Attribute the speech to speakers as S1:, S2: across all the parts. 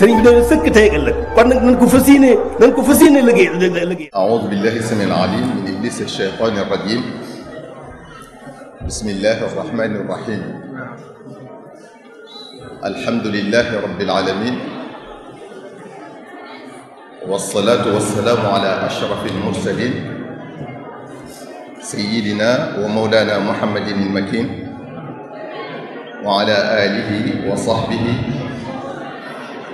S1: sëriñ bi dañu sëkk tey ëllëg kon nag nañ ko fas yéene nañ ko fas yéene liggéey liggéey أعوذ بالله السميع العليم من إبليس الشيطان الرجيم بسم الله الرحمن الرحيم الحمد لله رب العالمين والصلاة والسلام على أشرف المرسلين سيدنا ومولانا محمد المكين وعلى آله وصحبه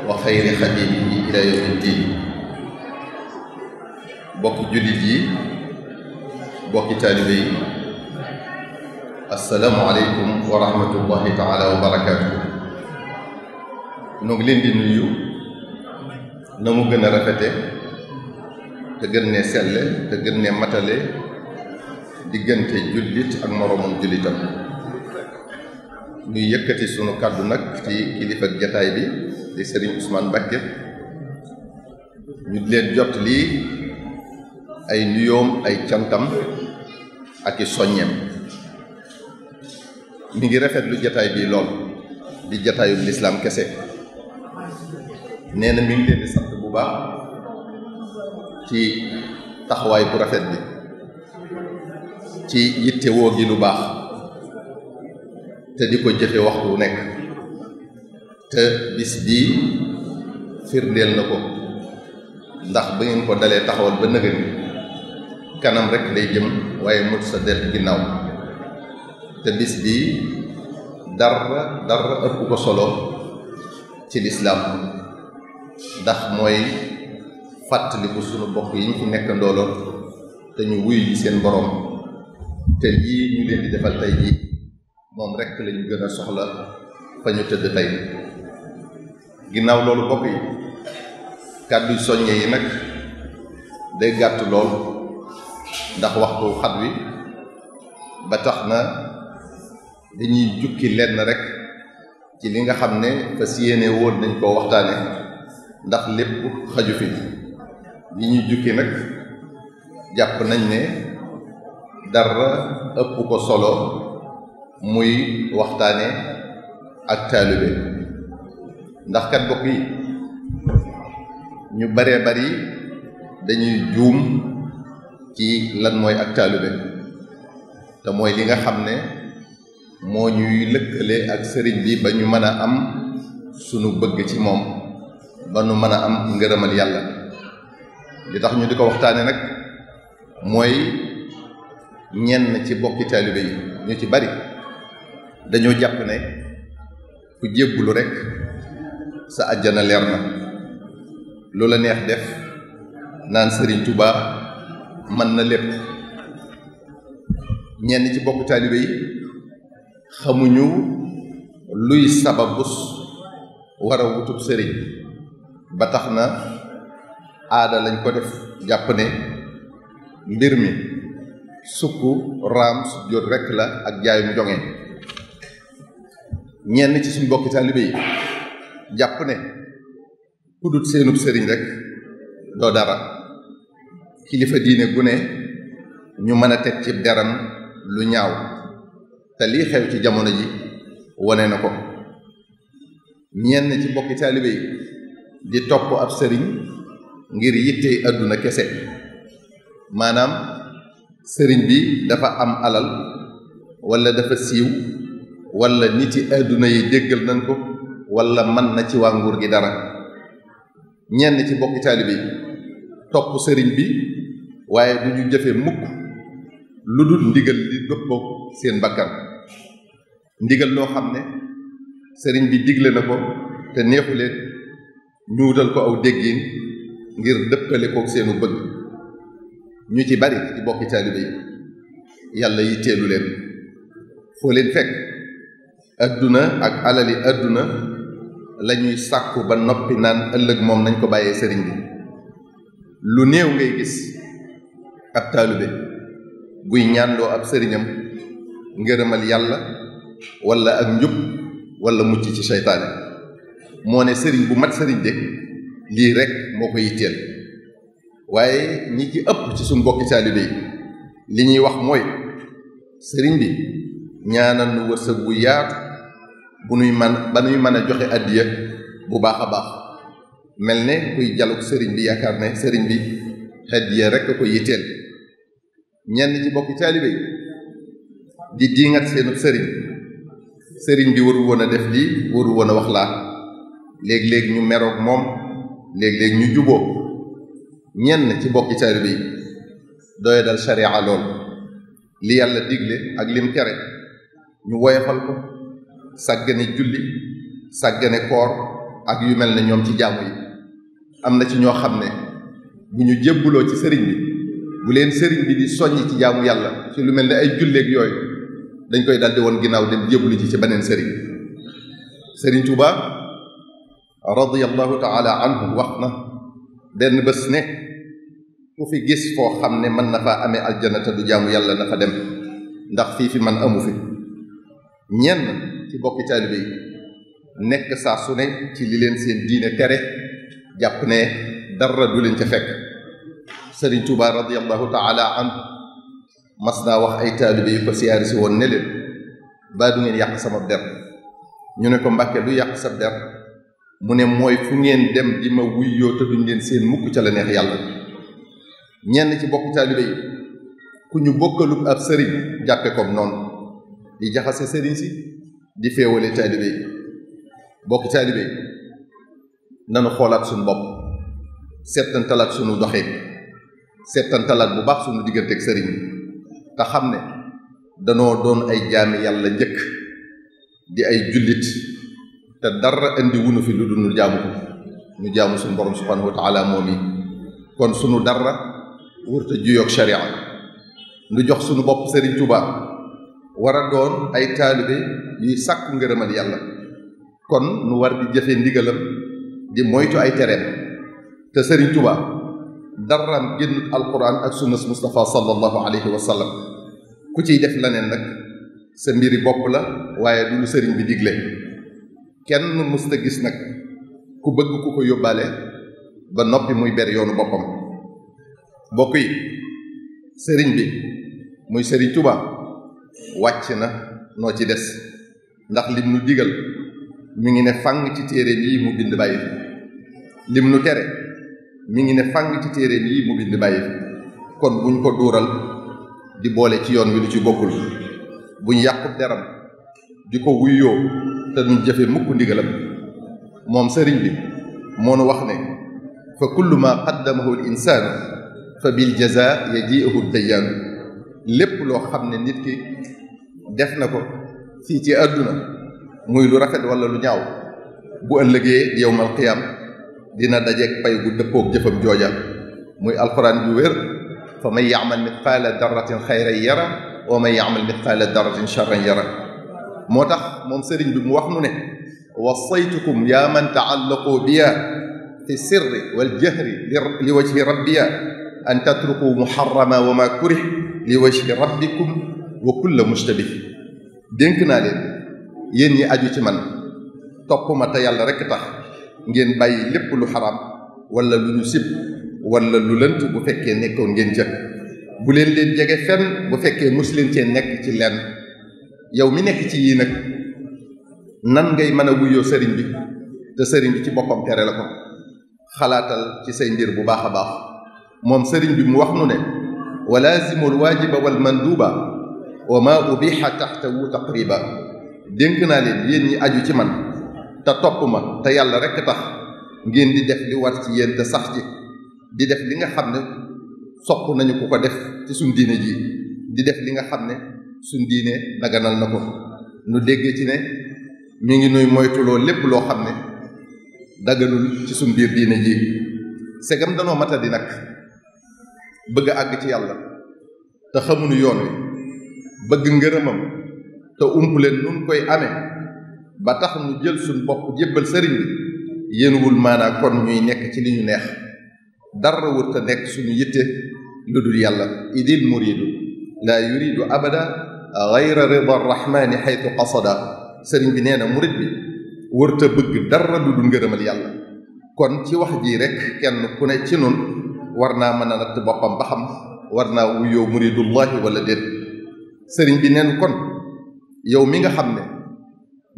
S1: wa xayri xadimihi ila yawmi ddin bokki jullit yi bokki taalibe yi assalaamu aleykum wa rahmatullahi taala wa barakaatu nu ngi na mu gën a rafete te gën ne selle te gën ne matale diggante jullit ak moroomam jullitam ñuy yëkkati sunu kàddu nag ci kilifa jataay bi di sëriñ Ousmane Mbacké ñu di leen jot lii ay nuyoom ay cantam ak i soññeem mi ngi rafet lu jataay bii lool di jataayu lislaam kese nee na mi ngi leen di sant bu baax ci taxawaay bu rafet bi ci yitte woo gi lu baax te di ko jëfe waxtu wu nekk te bis bii firndeel na ko ndax ba ngeen ko dalee taxawal ba nëgëni kanam rekk lay jëm waaye mut sa del ginnaaw te bis bii dara dara ëpp ko solo ci lislaam ndax mooy fàttaliku sunu bokk yi nekk ndooloon te ñu wuyu ji seen boroom te lii ñu leen di defal tey jii moom rek lañu gën a soxla fa ñu tëdd tey ginnaaw loolu bokk yi kàddu soññe yi nag day gàtt lool ndax waxtu xat wi ba tax na dañuy jukki lenn rekk ci li nga xam ne fas yéene woon nañ koo waxtaane ndax lépp xaju fi li ñuy jukki nag jàpp nañ ne dara ëpp ko solo muy waxtaane ak taalibe ndax kat bokk ñu baree bari dañuy juum ci lan mooy ak taalube te mooy li nga xam ne moo ñuy lëkkale ak sëriñ bi ba ñu mën a am sunu bëgg ci moom ba nu mën a am ngërëmal yàlla li tax ñu di ko waxtaane nag mooy ñenn ci bokki taalube yi ñu ci bari dañoo jàpp ne ku jébbulu rekk sa àjjana leer na lu la neex def naan Serigne tubaa mën na lépp ñenn ci bokk taalibe yi xamuñu luy sababus war a wutub sëriñ ba tax na aada lañ ko def jàpp ne mbir mi sukk raam su jot rekk la ak jaayum joŋe ñenn ci suñ bokki taalibe yi jàpp ne ku dut seenub sëriñ rek doo dara kilifa diine gu ne ñu mën a teg ci deram lu ñaaw te lii xew ci jamono ji wane na ko ñenn ci bokki taalibe yi di topp ab sëriñ ngir yittey àdduna kese maanaam sëriñ bi dafa am alal walla dafa siiw walla niti àdduna yi déggal nañ ko wala man na ci waa nguur gi dara ñenn ci bokki taalibe yi topp sëriñ bi waaye du ñu jëfe mukk lu dul ndigal li dëppook seen bakkan ndigal loo xam ne sëriñ bi digle na ko te neexu leen ñu wutal ko aw déggin ngir dëppale kook seenu bëgg ñu ci bari ci bokki taalibe yi yàlla yi teelu leen foo leen fekk adduna ak alali àdduna lañuy sàkku ba noppi naan ëllëg moom nañ ko bàyyee sëriñ bi lu néew ngay gis ab taalibe buy ñaanloo ab sëriñam ngërëmal yàlla wala ak njub wala mucc ci seytaane moo ne sëriñ bu mat sëriñ de lii rekk moo ko yitteel waaye ñi ki ëpp ci suñ bokki taalibe yi li ñuy wax mooy sëriñ bi ñaanal nu wërsëg bu yaatu bu nuy man ba nuy mën a joxe addiya bu baax a baax mel ne kuy jalug sëriñ bi yaakaar ne sëriñ bi addiya rek a ko yitteel ñenn ci bokki taalibe yi di diingat seenu sëriñ sëriñ bi waru woon a def lii waru woon a wax laa léeg-léeg ñu meroog moom léeg-léeg ñu juboo ñenn ci bokki taalibe yi doy dal sharia lool li yàlla digle ak lim tere ñu woyofal ko sàggane julli sàggane koor ak yu mel ne ñoom ci jàmm yi am na ci ñoo xam ne bu ñu jébbuloo ci sëriñ bi bu leen sëriñ bi di soññ ci jaamu yàlla ci lu mel ne ay julleeg yooyu dañ koy daldi woon ginnaaw dem jébbulu ci ci beneen sëriñ sëriñ Tuuba radiyallahu taala anhu wax na benn bés ne ku fi gis foo xam ne mën na fa amee aljana te du jaamu yàlla na dem ndax fii fi man amu fi ñenn ci bokki taalibe yi nekk saa su ne ci li leen seen diine tere jàpp ne dara du leen ca fekk sëriñ Tuuba radiyallahu taala an mas naa wax ay taalibe yu ko siyaari si woon ne leen baa du ngeen yàq sama der ñu ne ko mbàkke du yàq sa der mu ne mooy fu ngeen dem di ma wuyyoo te duñ leen seen mukk ca la neex yàlla ñenn ci bokki taalibe yi ku ñu bokkalub ab sëriñ jàppe comme noonu di jaxase sëriñ si di féewale taalibe yi bokki taalibe yi nanu xoolaat suñu bopp settantalaat suñu doxee settantalaat bu baax suñu diggante ak sëriñ te xam ne danoo doon ay jaami yàlla njëkk di ay jullit te dara indi wunu fi lu dul jaamu ko ñu jaamu suñu borom subhanahu moom yi kon suñu dara wërta juyoog sharia nu jox suñu bopp sëriñ Tuubaa war a doon ay taalibe yuy sàkku ngërëmal yàlla kon nu war di jëfe ndigalam di moytu ay tereem te sëriñ Tuba daraam génn alquran ak sunnas Mustafa sallallahu alayhi wa sallam ku ciy def leneen nag sa mbiri bopp la waaye du lu sëriñ bi digle kenn mësta gis nag ku bëgg ku ko yóbbaale ba noppi muy ber yoonu boppam bokk yi sëriñ bi muy sëriñ Tuba wàcc na noo ci des ndax lim nu digal mu ngi ne fàng ci téere bii mu bind bàyyi fi lim nu tere mi ngi ne fàng ci téere bii mu bind bàyyi fi kon buñ ko duural di boole ci yoon wi lu ci bokkul buñ yàqut deram di ko wuyyoo te duñ jëfe mukk ndigalam moom sëriñ bi moo nu wax ne fa kullu ma qaddamahu al fa bil jazaa yajiihu dayyaanu lépp loo xam ne nit ki def na ko fii ci àdduna muy lu rafet wala lu ñaaw bu ëllëgee yowmal qiyaam dina dajeeg pay gu dëppoog jëfam jooja muy alquran wér fa man yaamal mitqaala darratin xayran yara wa man yaamal mitqaala darratin charran yara moo tax moom sëriñ bi mu wax nu ne wasaytukum yaa man taallaqu biya fi sirri waljahri li wajhi rabbiya an tatruku muharrama wa ma kurih li wajhi rabbikum wa kulla mustabih dénk naa leen yéen yi aju ci man topp ma te yàlla rekk tax ngeen bàyyi lépp lu xaraam wala lu ñu sib wala lu lënt bu fekkee nekkoon ngeen jëkk bu leen leen jege fenn bu fekkee mos cee nekk ci lenn yow mi nekk ci yii nag nan ngay mën a wuyoo sëriñ bi te sëriñ bi ci boppam tere la ko xalaatal ci say mbir bu baax a baax moom sëriñ bi mu wax nu ne walaazimu alwaajiba walmanduuba wa maa ubiha taxtawu taqriba dénk naa leen yéen ñi aju ci man te topp ma te yàlla rekk tax ngeen di def li war ci yéen te sax ci di def li nga xam ne sopp nañu ku ko def ci suñ diine ji di def li nga xam ne suñ diine daganal na ko nu dégge ci ne ñu ngi nuy moytuloo lépp loo xam ne daganul ci suñ biir diine ji segam danoo matadi nag bëgg àgg ci yàlla te xamuñu yoon wi bëgg ngërëmam te ump leen nun koy amee ba tax nu jël suñu bopp jébbal sëriñ bi yéenuwul maanaa kon ñuy nekk ci li ñu neex dara wër te nekk suñu yitte lu dul yàlla idil muridu laa yuridu abada gayra rida rahmani xaytu qasada sëriñ bi nee na murid bi wër te bëgg dara lu dul ngërëmal yàlla kon ci wax jii rek kenn ku ne ci nun war naa mën a natt boppam ba xam war naa wuyoo muridullahi wala déet sëriñ bi neen kon yow mi nga xam ne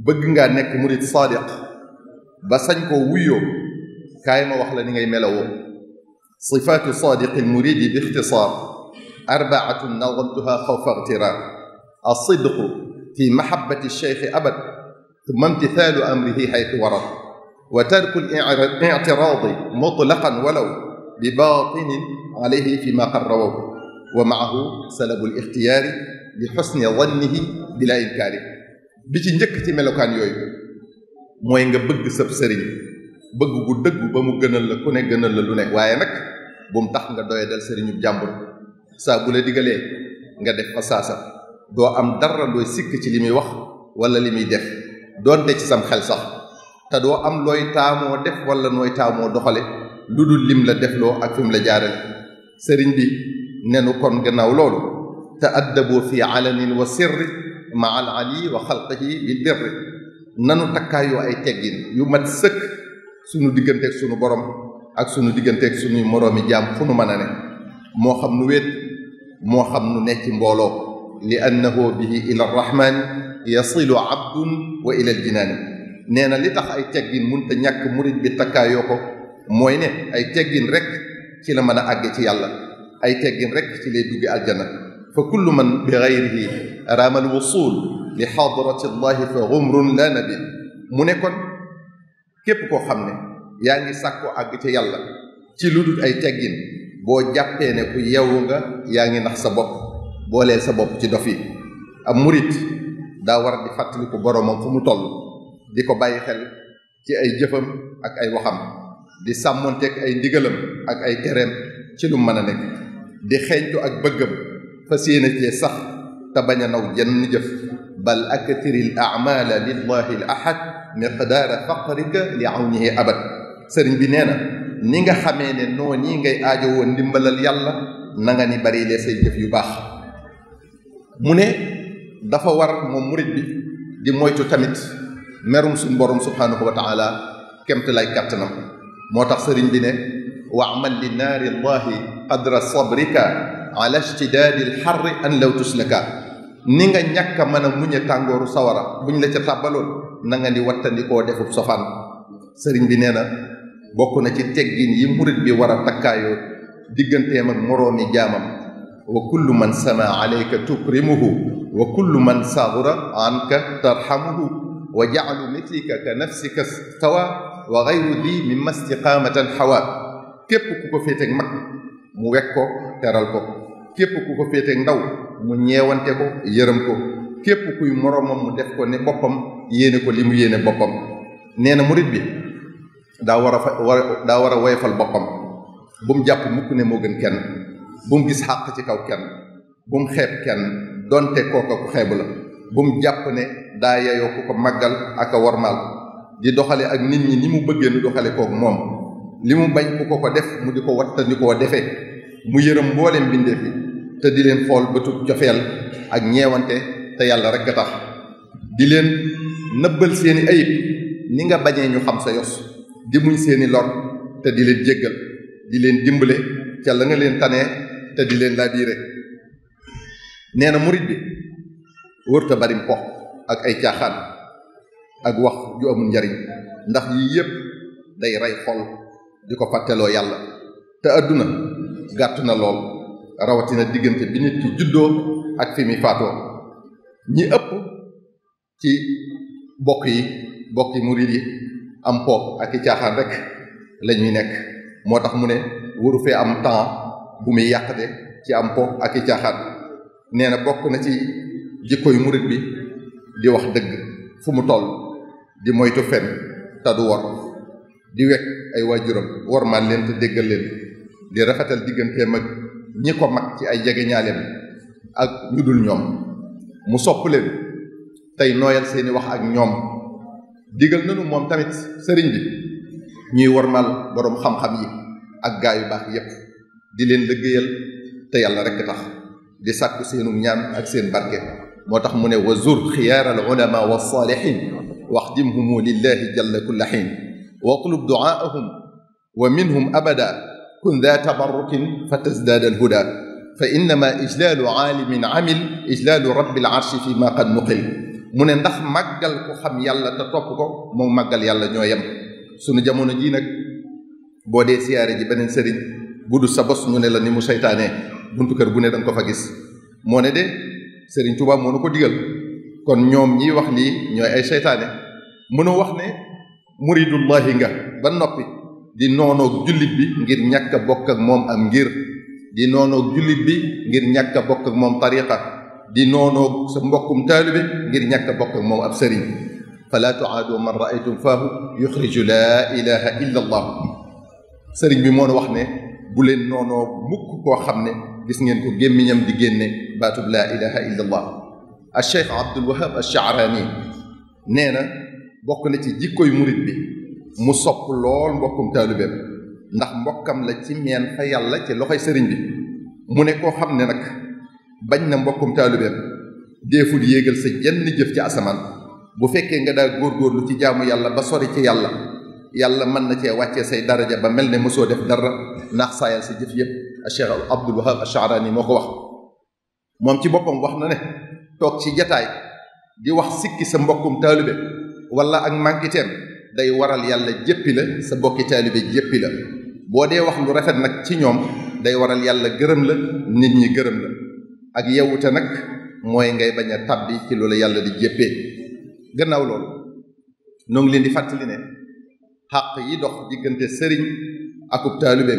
S1: bëgg ngaa nekk murid saadiq ba sañ koo wuyoo kaay ma wax la ni ngay melawoo sifaatu saadiqi lmuridi bi ixtisaar arbaatun nazamtuha xawfa ixtiraar alsidqu fi mahabati lcheikhi abad tumma imtithaalu amrihi xaytu warad wa tarku al ictiraadi mutlaqan walaw bi baatinin alayhi fi ma qarrawahu wa maahu salabul ixtiyaari li xusni zannihi bila inkaari bi ci njëkk ci melokaan yooyu mooy nga bëgg sab sëriñ bëgg gu dëggu ba mu gënal la ku ne gënal la lu ne waaye nag bu mu tax nga doyadal sëriñu jàmbur saa bu la digalee nga def fa saasa doo am dara looy sikk ci li muy wax wala li muy def doon ci sam xel sax te doo am looy taamoo def wala nooy taamoo doxale lu dul lim la defloo ak fi mu la jaarale sëriñ bi nenu kon gannaaw loolu ta'addabu fi alanin wa sirri ma al ali wa xalqihi bil birri nanu takkaayoo ay teggin yu mat sëkk sunu digganteeg sunu borom ak sunu digganteeg sunuy moroomi jaam fu nu mën ne moo xam nu wéet moo xam nu ne ci mbooloo li annahu bihi ila arrahmani yasilu abdun wa ila aljinaani nee na li tax ay teggin munta ñàkk murit bi takkaayoo ko mooy ne ay teggin rek ci la mën a àgge ci yàlla ay teggin rek ci lay dugge aljana fa kullu man bi gayrihi raama alwusul li xadrati llahi fa xumrun la nabi mu ne kon képp koo xam ne yaa ngi sàkkoo àgg ci yàlla ci lu ay teggin boo jàppee ne ku yeewu nga yaa ngi nax sa bopp booleel sa bopp ci dof yi ab murit daa war di fàttaliku boroomam fu mu toll di ko bàyyi xel ci ay jëfam ak ay waxam di sàmmonteeg ay ndigalam ak ay tereem ci lu mën a nekk di xeeñtu ak bëggam fas yéene cee sax te a naw jenn jëf bal akthiri l amala lillahi l ahad miqdaara faqrika li awnihi abad sëriñ bi nee na ni nga xamee ne noo nii ngay aajo woon ndimbalal yàlla nanga ni bari lee say jëf yu baax mu ne dafa war moom murit bi di moytu tamit merum suñ borom subhaanahu wa taala kemt lay kàttanam moo tax sëriñ bi ne waamal li naari llahi qadra sabrika ala shtidaadi lxarri an tuslaka ni nga ñàkk a mën tàngooru sawara buñ la ca tàbbaloon na nga ni wattandikoo defub sofaan sëriñ bi nee na bokk na ci teggin yi murit bi war a takkaayoo digganteem ak moroomi jaamam wa kullu man sama alayka tukrimuhu wa kullu man saghura anka tarhamuhu wa ja'alu mitlika ka nafsika stawa wa gayru di mi mas iqaamatan xawaat képp ku ko féeteeg mag mu wekk ko teral ko képp ku ko féeteeg ndaw mu ñeewante ko yërëm ko képp kuy moroomam mu def ko ne boppam yéene ko li mu yéene boppam nee na murit bi daa war a fa war a woyfal boppam bu mu jàpp mukk ne moo gën kenn bu mu gis xàq ci kaw kenn bu mu xeeb kenn donte kooka ku xeebu la bu mu jàpp ne daa yeyoo ku ko màggal aka a wormaal di doxale ak nit ñi ni mu bëggee nu doxale kook moom li mu bañ ku ko ko def mu di ko wattandi koo defee mu yërëm mbooleem bindeef yi te di leen xool bëtu cofeel ak ñeewante te yàlla rek a tax di leen nëbbal seeni ayib ni nga bañee ñu xam sa yos di muñ seeni lor te di leen jéggal di leen dimbale ca la nga leen tanee te di leen laa diire nee na murit bi wërta barim pox ak ay caaxaan ak wax ju amul njariñ ndax yii yépp day rey xol di ko fàtteloo yàlla te àdduna gàtt na lool rawatina diggante bi nit ki juddoo ak fi muy faatoo ñi ëpp ci bokk yi bokk yi murid yi am po ak i caaxaan rekk lañuy ñuy nekk moo tax mu ne waru fi am temps bu muy yàqate ci am po ak i caaxaan nee na bokk na ci jikkoy murid bi di wax dëgg fu mu toll di moytu fen te du wor di wekk ay waajuram wormaal leen te déggal leen di rafetal digganteem ak ñi ko mag ci ay jegeñaaleem ak ñu dul ñoom mu sopp leen tey nooyal seeni wax ak ñoom digal nanu moom tamit sëriñ bi ñuy wormaal boroom xam-xam yi ak gaa yu baax yépp di leen liggéeyal te yàlla rekk tax di sàkku seenu ñaan ak seen barke moo tax mu ne wa zur xiyaar al ulama wa saalihin waxdimhumu lillahi jalla kulla xiin watlub duaahum wa minhum abada kun daa tabarrukin fa tasdaad alhuda fa innama ijlaalu aalimin amil ijlaalu rabbil arshi fi qad nuqil mu ne ndax màggal ku xam yàlla te topp ko moom màggal yàlla ñoo yem sunu jamono jii nag boo dee siyaare ji beneen sëriñ bu du sa ñu la ni mu seytaanee buntu kër bu ne danga ko fa gis moo ne de sëriñ Tuubaa moo nu ko digal kon ñoom ñiy wax lii ñooy ay seytaane mënoo wax ne muridullahi nga ba noppi di noonoog jullit bi ngir ñàkk a bokk ak moom am ngir di noonoog jullit bi ngir ñàkk bokk ak moom tariqa di noonoog sa mbokkum taalibe ngir ñàkk bokk ak moom ab sëriñ fala tuaadu man raaytum faahu yuxriju laa ilaha illa sëriñ bi moo wax ne bu leen noonoo mukk koo xam ne gis ngeen ko gémmiñam di génne baatub laa ilaha illa ak cheikh Abdul Wahab al Shaaraani nee na bokk na ci jikkoy murit bi mu sopp lool mbokkum taalibeem ndax mbokkam la ci meen fa yàlla ci loxoy sëriñ bi mu ne koo xam ne nag bañ na mbokkum taalibeem deeful yéegal sa jenn jëf ci asamaan bu fekkee nga daal daa góorgóorlu ci jaamu yàlla ba sori ci yàlla yàlla mën na cee wàcce say daraja ba mel ne mosoo def dara naax saayal sa jëf yëpp cheikh Abdul Wahab moo ko wax moom ci boppam wax na ne toog ci jataay di wax sikki sa mbokkum taalibe wala ak mànkiteem day waral yàlla jéppi la sa bokki taalibe jéppi la boo dee wax lu rafet nag ci ñoom day waral yàlla gërëm la nit ñi gërëm la ak yewute nag mooy ngay bañ a tabbi ci loolu yàlla di jéppee gannaaw loolu noo ngi leen di fàttali ne xàq yi dox diggante sëriñ akub taalibe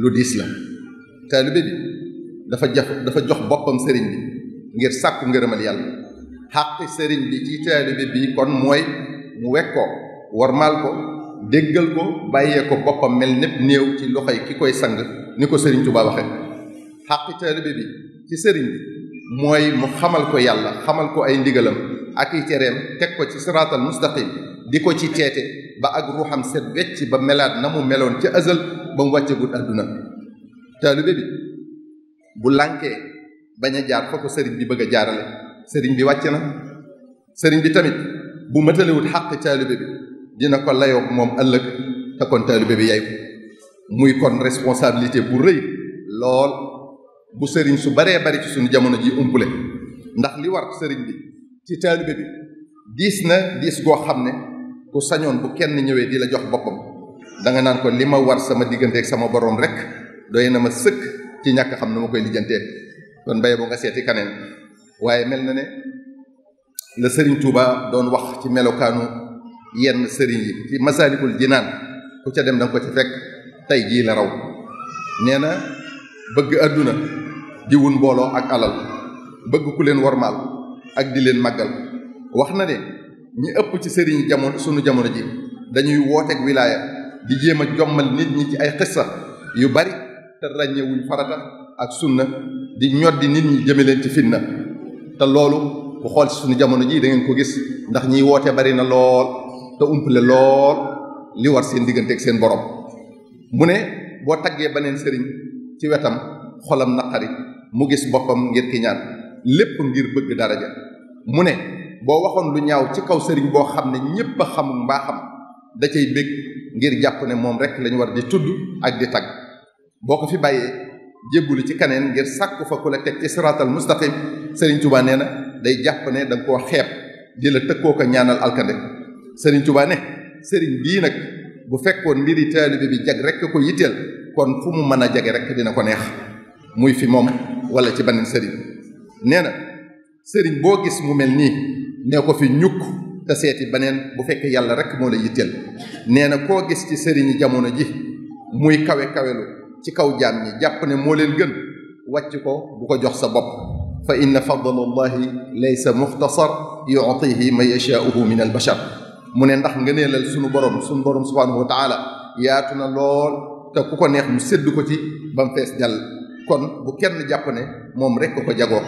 S1: lu diis la taalibe bi dafa jaf dafa jox boppam sëriñ bi ngir sàkku ngërëmal yàlla xàqi sëriñ bi ci taalibe bi kon mooy mu wek ko warmaal ko déggal ko bàyyee ko boppam mel népp néew ci loxoy ki koy sang ni ko sëriñ Tuubaa waxe xàqi taalibe bi ci sëriñ bi mooy mu xamal ko yàlla xamal ko ay ndigalam ak i tereem teg ko ci siraatal mustaqim di ko ci teete ba ak ruuxam set wecc ba melaat na mu meloon ca ësal ba mu wàccegut àdduna taalibe bi bu lànkee bañ a jaar fa ko sëriñ bi bëgg a jaarale sëriñ bi wàcc na sëriñ bi tamit bu matalewut xàq taalibe bi dina ko layoo moom ëllëg te kon taalibe bi yaay ko muy kon responsabilité bu rëy lool bu sëriñ su baree bari ci suñu jamono ji umpule ndax li war sëriñ bi ci taalibe bi diis na diis goo xam ne ku sañoon bu kenn ñëwee di la jox boppam danga naan ko li ma war sama digganteeg sama boroom rek doy na ma sëkk ci ñàkk xam ne ma koy lijjantee kon bay boo nga seeti kaneen waaye mel na ne la sëriñ tuuba doon wax ci melokaanu yenn sëriñ yi ci masaalikul naan ku ca dem da ko ci fekk tey jii la raw nee na bëgg àdduna di mbooloo ak alal bëgg ku leen wormaal ak di leen màggal wax na ne ñi ëpp ci sëriñ jamono sunu jamono ji dañuy wooteeg wilaaya di jéem a jommal nit ñi ci ay xissa yu bari te ràññewuñ farata ak sunna di ñor di nit ñi jëme leen ci fitna te loolu bu xool si suñu jamono jii dangeen ko gis ndax ñiy woote bari na lool te umpale lool li war seen diggante ak seen borom mu ne boo taggee beneen sëriñ ci wetam xolam naqari mu gis boppam ngir ki ñaan lépp ngir bëgg daraja mu ne boo waxoon lu ñaaw ci kaw sëriñ boo xam ne ñépp a xamul mbaaxam da cay bég ngir jàpp ne moom rek lañu war di tudd ak di tagg boo ko fi bàyyee jébbuli ci kaneen ngir sàkku fa ku la teg ci siraatal mustaqim Serigne Touba nee na day jàpp ne da nga koo xeeb di la tëkkoo ko ñaanal alkande Serigne Touba ne Serigne bii nag bu fekkoon mbiri taalibe bi jag rek ko yitteel kon fu mu mën a jage rek dina ko neex muy fi moom wala ci beneen sëriñ nee na Serigne boo gis mu mel nii nee ko fi ñukk te seeti beneen bu fekkee yàlla rek moo la yitteel nee na koo gis ci Serigne jamono ji muy kawe kawelu ci kaw jaam ñi jàpp ne moo leen gën wàcc ko bu ko jox sa bopp fa inna fadla allahi laysa muxtasar yu'tihi man yashaa'uhu min al bashar mu ne ndax ngëneelal sunu borom sunu borom subhaanahu wa taala yaatu na lool te ku ko neex mu sédd ko ci ba mu fees jàll kon bu kenn jàpp ne moom rek ko jagoo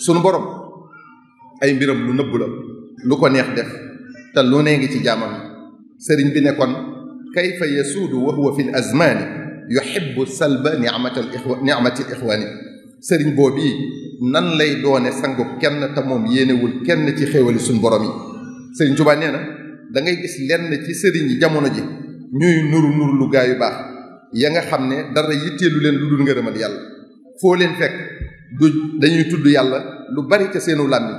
S1: sunu borom ay mbiram lu nëbb la lu ko neex def te lu nee ngi ci jaamam sëriñ bi ne kon kayfa yasuudu wa huwa fi azmaani yuhibbu salba ni'matal ixwa ni'matil ixwaani sëriñ boobu nan lay doone sangu kenn te moom kenn ci xéewali suñ borom yi sëriñ Tuubaa nee na da ngay gis lenn ci sëriñ jamono ji ñuy nuru nuru lu gaa yu baax ya nga xam ne dara yitteelu leen lu dul ngërëmal yàlla foo leen fekk du dañuy tudd yàlla lu bari ca seenu làmmiñ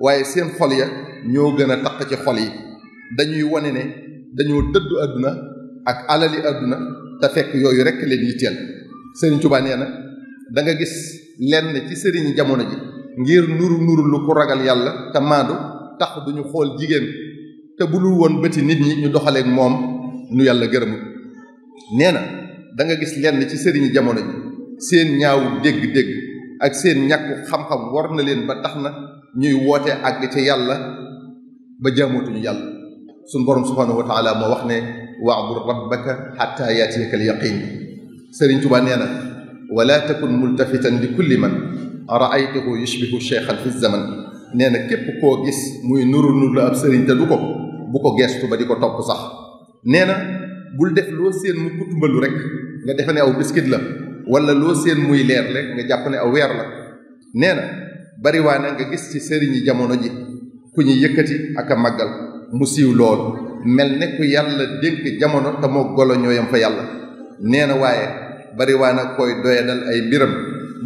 S1: waaye seen xol ya ñoo gën a taq ci xol yi dañuy wone ne dañoo dëddu àdduna ak alali àdduna te fekk yooyu rek leen yitteel sëriñ Tuubaa nee na da nga gis lenn ci sëriñ jamono ji ngir nuru nuru lu ku ragal yàlla te maandu tax duñu xool jigéen te bu dul woon bëti nit ñi ñu doxaleek moom nu yàlla gërëm nee na da gis lenn ci sëriñ jamono ji seen ñaaw dégg-dégg ak seen ñàkku xam-xam war na leen ba tax na ñuy woote àgg ca yàlla ba jaamutuñu yàlla suñu borom subhaanahu wa taala moo wax ne waabud rabbaka xatta yaatiyaka alyaqin sëriñ Tuubaa nee na wala takun multafitan li kulli man raaytuhu yushbihu cheikhan fi zaman nee na képp koo gis muy nuru nur la ab sëriñ te du ko bu ko geestu ba di ko topp sax nee na bul def loo seen mu kutumbalu rek nga defe ne aw biskit la wala loo seen muy leer le nga jàpp ne aw weer la nee na bariwaana nga gis ci sëriñi jamono ji ku ñu yëkkati ak a màggal mu siiw lool mel ne ku yàlla dénk jamono te moo golo ñooyam fa yàlla nee na waaye bari waa na koy doyadal ay mbiram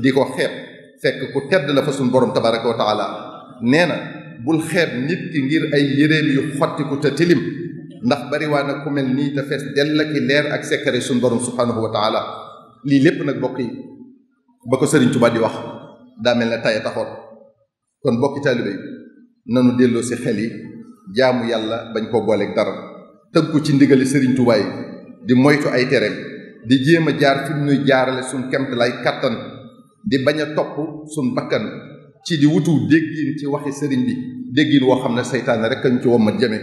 S1: di ko xeeb fekk ku tedd la fa suñ borom tabaraka wa taala nee na bul xeet nit ki ngir ay yéreem yu xottiku te tilim ndax bari waa na ku mel nii te fees dell ki leer ak sekkare suñ borom subhanahu wa taala lii lépp nag bokk yi ba ko sëriñ Tuubaa di wax daa na ne taye taxoon kon bokki taalibe nanu delloo si xel yi jaamu yàlla bañ koo booleeg dara tëggu ci ndigali sëriñ Tuubaa yi di moytu ay tereem di jéem a jaar fi ñuy jaarale suñ kemt lay kàttan di bañ a topp suñ bakkan ci di wutu déggin ci waxi sëriñ bi déggiin woo xam ne seytaane rek kañ ci wommat jëme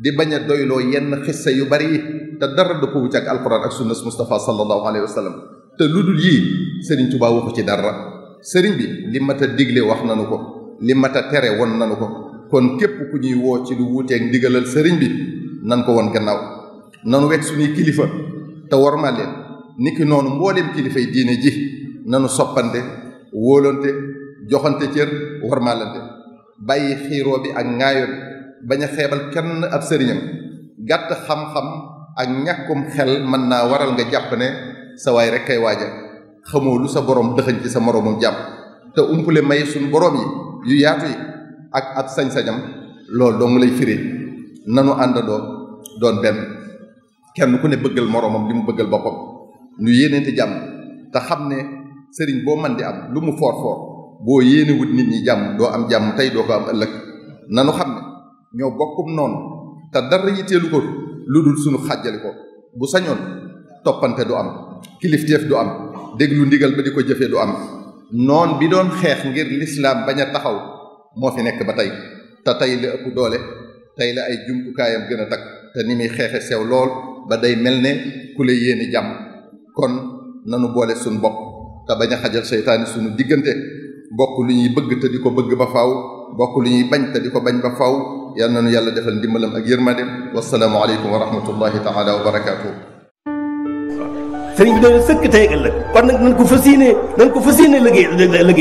S1: di bañ a doyloo yenn xissa yu bari yi te dara dëpp wu ci ak alquran ak sunnas Mustafa sallallahu alayhi wa sallam te lu dul yii sëriñ Tuubaa waxu ci dara sëriñ bi li mat digle wax nanu ko li mat tere won nanu ko kon képp ku ñuy woo ci lu wuuteeg ndigalal sëriñ bi nan ko woon gannaaw nanu wekk suñuy kilifa te warmal leen ki noonu mbooleem kilifa yi diine ji nanu soppante wóolante joxante cër warmalante bàyyi xiiroo bi ak ŋaayo bi bañ a xeebal kenn ab sëriñam gàtt xam-xam ak ñàkkum xel mën naa waral nga jàpp ne sa waay rek ay waaja xamoo lu sa borom dëxëñ ci sa moroomum jàmm te umpule may suñ borom yi yu yaatu yi ak ab sañ-sañam loolu dong lay firi nanu àndandoo doon benn kenn ku ne bëggal moroomam li mu bëggal boppam ñu yéeneente jàmm te xam ne sëriñ boo man di am lu mu foor foor boo yéene nit ñi jàmm doo am jàmm tey doo ko am ëllëg nanu xam ne ñoo bokkum noonu te dara yitteelu ko lu dul suñu xàjjali ko bu sañoon toppante du am kilifteef du am déglu ndigal ba di ko jëfee du am noon bi doon xeex ngir lislaam bañ a taxaw moo fi nekk ba tey te tey la ëpp doole tey la ay jumtukaayam gën a takk te ni muy xeexe sew lool ba day mel ne ku la yéene jàmm kon nanu boole suñ bopp te bañ a xajal seytaane suñu diggante bokk lu ñuy bëgg te di ko bëgg ba faaw bokk lu ñuy bañ te di ko bañ ba faaw yal na yàlla defal ndimbalam ak yërmande wasalaamu aleykum wa rahmatullahi taala wa barakaatuhu. sëriñ bi de sëkk tey ëllëg kon nag nañ ko fas yéene nañ ko fas yéene liggéey liggéey